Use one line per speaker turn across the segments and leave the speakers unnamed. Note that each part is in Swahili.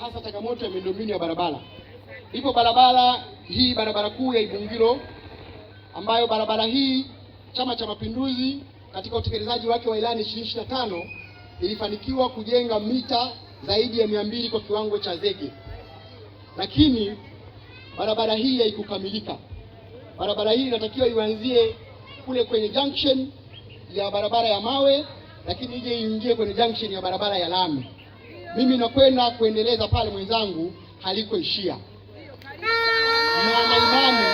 hasa changamoto ya miundombinu ya barabara. Ipo barabara hii, barabara kuu ya Ibungilo, ambayo barabara hii Chama cha Mapinduzi katika utekelezaji wake wa ilani 2025 ilifanikiwa kujenga mita zaidi ya mia mbili kwa kiwango cha zege, lakini barabara hii haikukamilika. Barabara hii inatakiwa ianzie kule kwenye junction ya barabara ya mawe, lakini ije iingie kwenye junction ya barabara ya lami mimi nakwenda kuendeleza pale mwenzangu halikoishia, na imani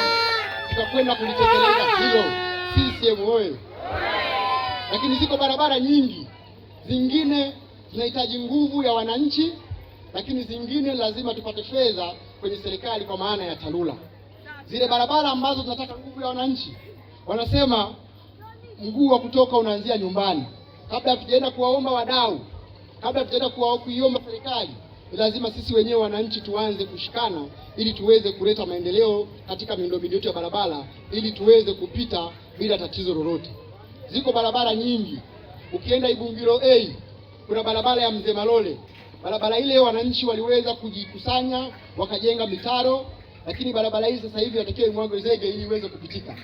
tutakwenda kulitekeleza hilo sisihemu oye. Lakini ziko barabara nyingi, zingine zinahitaji nguvu ya wananchi, lakini zingine lazima tupate fedha kwenye serikali, kwa maana ya TARURA. Zile barabara ambazo zinataka nguvu ya wananchi, wanasema mguu wa kutoka unaanzia nyumbani. Kabla hatujaenda kuwaomba wadau kabla tutaenda kuiomba serikali, lazima sisi wenyewe wananchi tuanze kushikana ili tuweze kuleta maendeleo katika miundombinu yetu ya barabara ili tuweze kupita bila tatizo lolote. Ziko barabara nyingi, ukienda Ibungilo A kuna barabara ya Mzee Malole. Barabara ile wananchi waliweza kujikusanya wakajenga mitaro, lakini barabara hii sasa hivi inatakiwa imwagwe zege ili iweze kupitika.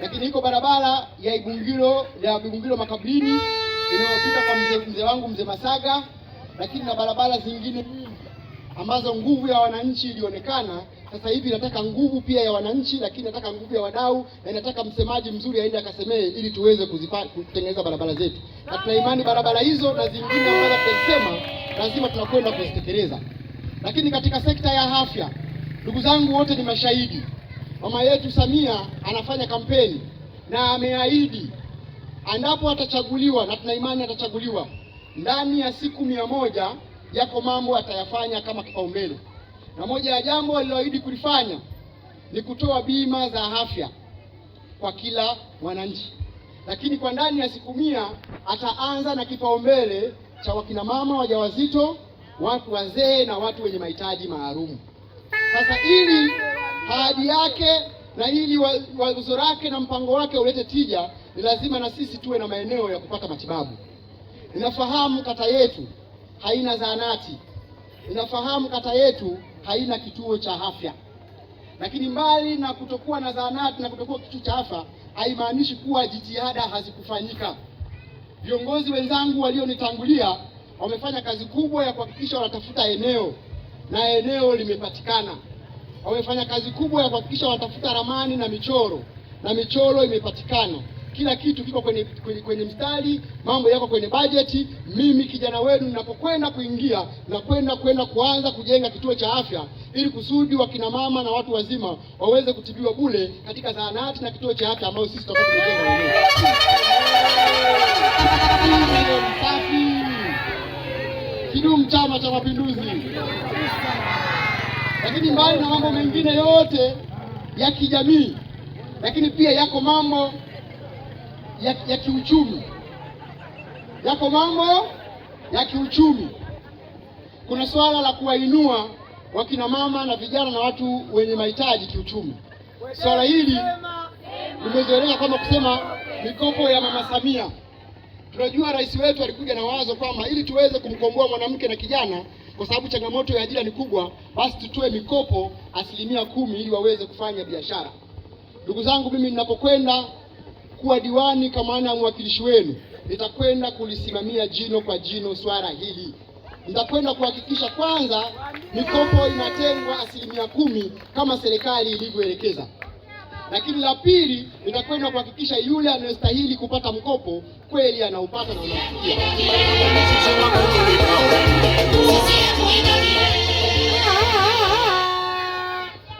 Lakini iko barabara ya Ibungilo ya Ibungilo makabrini inayopita kwa mzee mze wangu mzee Masaga, lakini na barabara zingine ambazo nguvu ya wananchi ilionekana. Sasa hivi nataka nguvu pia ya wananchi, lakini nataka nguvu ya wadau na nataka msemaji mzuri aende akasemee ili tuweze kutengeneza barabara zetu, na tuna imani barabara hizo na zingine ambazo tunasema lazima tunakwenda kuzitekeleza. Lakini katika sekta ya afya, ndugu zangu wote ni mashahidi, mama yetu Samia anafanya kampeni na ameahidi andapo atachaguliwa na tuna imani atachaguliwa, ndani ya siku mia moja yako mambo atayafanya kama kipaumbele, na moja ya jambo aliloahidi kulifanya ni kutoa bima za afya kwa kila mwananchi, lakini kwa ndani ya siku mia ataanza na kipaumbele cha wakinamama wajawazito, watu wazee na watu wenye mahitaji maalum. Sasa ili ahadi yake na ili wazo lake na mpango wake ulete tija ni lazima na sisi tuwe na maeneo ya kupata matibabu. Ninafahamu kata yetu haina zahanati, ninafahamu kata yetu haina kituo cha afya, lakini mbali na kutokuwa na zahanati na kutokuwa kituo cha afya haimaanishi kuwa jitihada hazikufanyika. Viongozi wenzangu walionitangulia wamefanya kazi kubwa ya kuhakikisha wanatafuta eneo na eneo limepatikana. Wamefanya kazi kubwa ya kuhakikisha wanatafuta ramani na michoro na michoro imepatikana kila kitu kiko kwenye, kwenye, kwenye mstari, mambo yako kwenye bajeti. Mimi kijana wenu ninapokwenda kuingia na kwenda kwenda kuanza kujenga kituo cha afya ili kusudi wakina mama na watu wazima waweze kutibiwa bule katika zahanati na kituo cha afya ambayo sisi tutakuwa tumejenga wenyewe kidumu Chama cha Mapinduzi. Lakini mbali na mambo mengine yote ya kijamii, lakini pia yako mambo ya, ya kiuchumi. Yako mambo ya kiuchumi, kuna swala la kuwainua wakina mama na vijana na watu wenye mahitaji kiuchumi. swala hili limezoeleka kama kusema mikopo ya mama Samia. Tunajua rais wetu alikuja na wazo kwamba ili tuweze kumkomboa mwanamke na kijana, kwa sababu changamoto ya ajira ni kubwa, basi tutoe mikopo asilimia kumi ili waweze kufanya biashara. Ndugu zangu, mimi ninapokwenda kuwa diwani kwa maana ya mwakilishi wenu, nitakwenda kulisimamia jino kwa jino swala hili. Nitakwenda kuhakikisha kwanza mikopo inatengwa asilimia kumi kama serikali ilivyoelekeza, lakini la pili, nitakwenda kuhakikisha yule anayestahili kupata mkopo kweli anaupata na unafikia.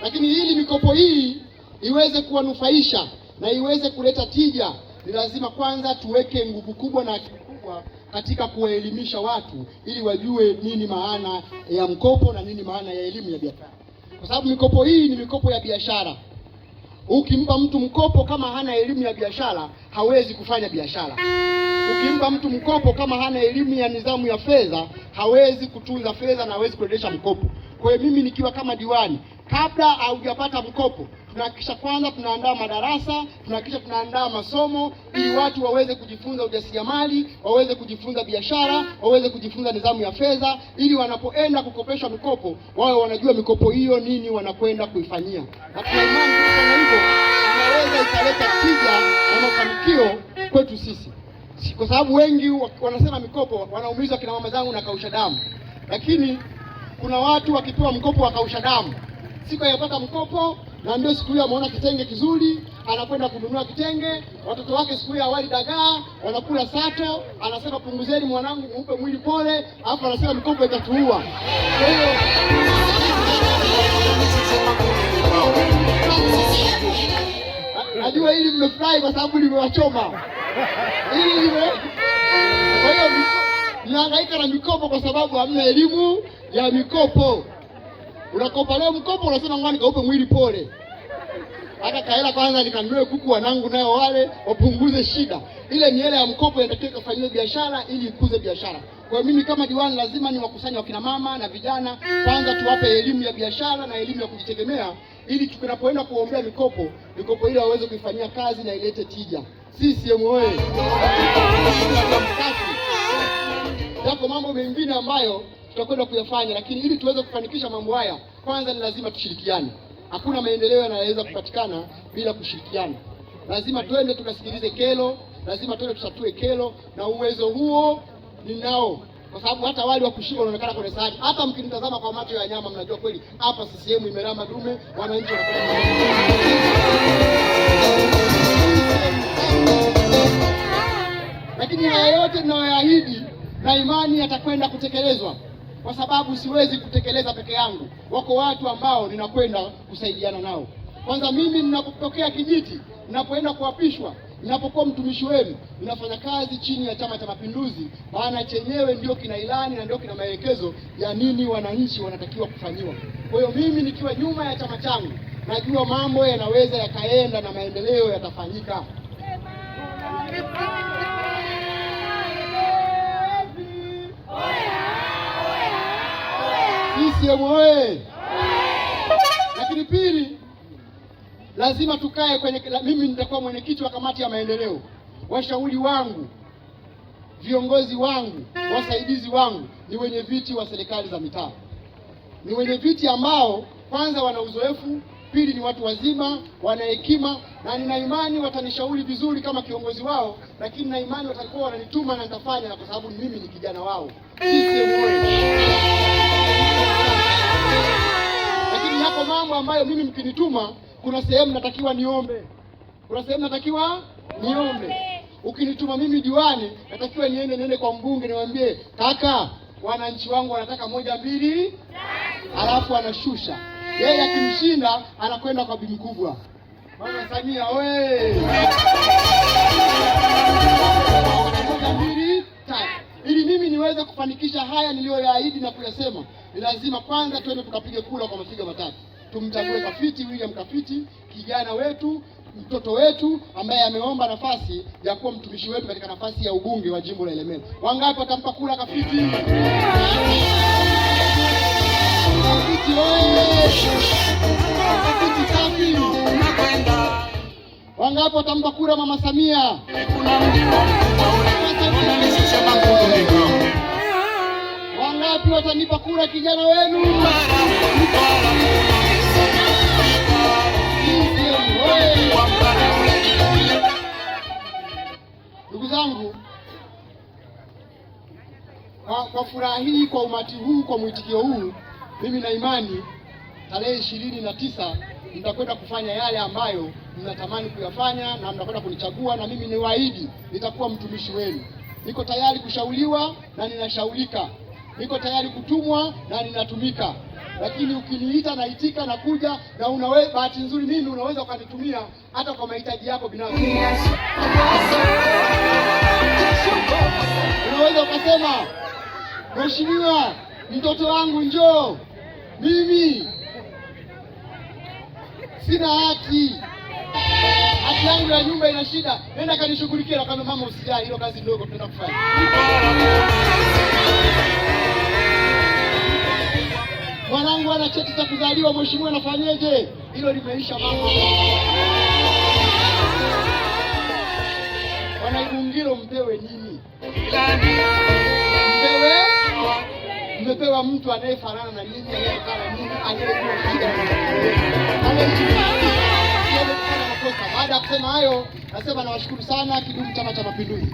Lakini ili mikopo hii iweze kuwanufaisha na iweze kuleta tija, ni lazima kwanza tuweke nguvu kubwa na akili kubwa katika kuwaelimisha watu ili wajue nini maana ya mkopo na nini maana ya elimu ya biashara, kwa sababu mikopo hii ni mikopo ya biashara. Ukimpa mtu mkopo kama hana elimu ya biashara, hawezi kufanya biashara. Ukimpa mtu mkopo kama hana elimu ya nidhamu ya fedha, hawezi kutunza fedha na hawezi kuendesha mkopo. Kwa hiyo mimi nikiwa kama diwani, kabla haujapata mkopo tunahakikisha kwanza tunaandaa madarasa, tunahakikisha tunaandaa masomo ili mm. watu waweze kujifunza ujasiriamali, waweze kujifunza biashara, mm. waweze kujifunza nidhamu ya fedha, ili wanapoenda kukopesha mikopo wao wanajua mikopo hiyo nini wanakwenda kuifanyia, na tuna imani kwa hivyo inaweza ikaleta tija na mafanikio kwetu sisi, kwa sababu wengi wanasema mikopo, wanaumiza kina mama zangu na kausha damu, lakini kuna watu wakipewa mkopo wakausha damu, siku aliyopata mkopo na ndio siku hiyo ameona kitenge kizuri, anakwenda kununua kitenge. Watoto wake siku hiyo awali dagaa wanakula sato, anasema punguzeni mwanangu, muupe mwili pole, alafu anasema mikopo itatuua. Najua hili mmefurahi kwa sababu limewachoma hili lime, kwa hiyo mnahangaika na mikopo kwa sababu hamna elimu ya mikopo unakopa leo mkopo, unasema ngoja nikaupe mwili pole, hata kaela kwanza nikanunue kuku wanangu nao wale wapunguze shida. Ile ni hela ya mkopo, inatakiwa ikafanyiwe biashara ili ikuze biashara. Kwa mimi kama diwani lazima niwakusanye wakina mama na vijana, kwanza tuwape elimu ya biashara na elimu ya kujitegemea, ili tunapoenda kuombea mikopo, mikopo ile waweze kuifanyia kazi na ilete tija. CCM oyee! Yako mambo mengine ambayo tutakwenda kuyafanya, lakini ili tuweze kufanikisha mambo haya, kwanza ni lazima tushirikiane. Hakuna maendeleo yanayoweza kupatikana bila kushirikiana. Lazima twende tukasikilize kero, lazima twende tusatue kero, na uwezo huo ninao, kwa sababu hata wali wa kushiba wanaonekana kwenye sahani. Hata mkinitazama kwa macho ya nyama, mnajua kweli hapa CCM imelamba dume, wananchi lakini haya yote ninayoahidi na imani yatakwenda kutekelezwa kwa sababu siwezi kutekeleza peke yangu. Wako watu ambao ninakwenda kusaidiana nao. Kwanza mimi ninapopokea kijiti, ninapoenda kuapishwa, ninapokuwa mtumishi wenu, ninafanya kazi chini ya Chama cha Mapinduzi, maana chenyewe ndio kina ilani na ndio kina maelekezo ya nini wananchi wanatakiwa kufanyiwa. Kwa hiyo mimi nikiwa nyuma ya chama changu najua mambo yanaweza yakaenda na maendeleo yatafanyika. CCM oye! Lakini pili, lazima tukae kwenye, mimi nitakuwa mwenyekiti wa kamati ya maendeleo. Washauri wangu, viongozi wangu, wasaidizi wangu ni wenye viti wa serikali za mitaa, ni wenye viti ambao kwanza wana uzoefu, pili ni watu wazima, wana hekima, na nina imani watanishauri vizuri kama kiongozi wao, lakini na imani watakuwa wananituma na nitafanya, kwa sababu mimi ni kijana wao. CCM oye! yako mambo ambayo mimi mkinituma, kuna sehemu natakiwa niombe, kuna sehemu natakiwa niombe. Ukinituma mimi diwani, natakiwa niende, niende kwa mbunge niwaambie, kaka, wananchi wangu wanataka moja mbili, alafu anashusha yeye. Akimshinda anakwenda kwa bibi mkubwa, Mama Samia we moja mbili tatu, ili mimi niweze kufanikisha haya niliyoyaahidi na kuyasema ni lazima kwanza twende tukapige kura kwa mapiga matatu, tumchague mm. Kafiti William Kafiti, kijana wetu, mtoto wetu ambaye ameomba nafasi ya kuwa mtumishi wetu katika nafasi ya ubunge wa jimbo la Ilemela. Wangapi watampa kura Kafiti? Mm. Wangapi watampa kura mama Samia? ngapi watanipa kura kijana wenu? Ndugu zangu, kwa, kwa furaha hii, kwa umati huu, kwa mwitikio huu, mimi na imani tarehe ishirini na tisa nitakwenda kufanya yale ambayo mnatamani kuyafanya na mnakwenda kunichagua, na mimi niwaahidi nitakuwa mtumishi wenu. Niko tayari kushauriwa na ninashaulika niko tayari kutumwa na ninatumika, lakini ukiniita naitika na kuja na unawe, bahati nzuri mimi unaweza ukanitumia hata kwa mahitaji yako binafsi. Unaweza ukasema mheshimiwa, mtoto wangu njoo, mimi sina haki haki yangu ya nyumba ina shida, nenda kanishughulikia. Kama mama, usijali, hilo kazi ndogo kufanya mwanangu ana cheti cha kuzaliwa, mheshimiwa nafanyeje? Hilo limeisha mama. Wanaigungilo mpewe nini? mpewe mmepewa mtu anayefanana na nini, anayekana nyinyi, Baada ya kusema hayo, nasema nawashukuru sana. Kidumu Chama cha Mapinduzi!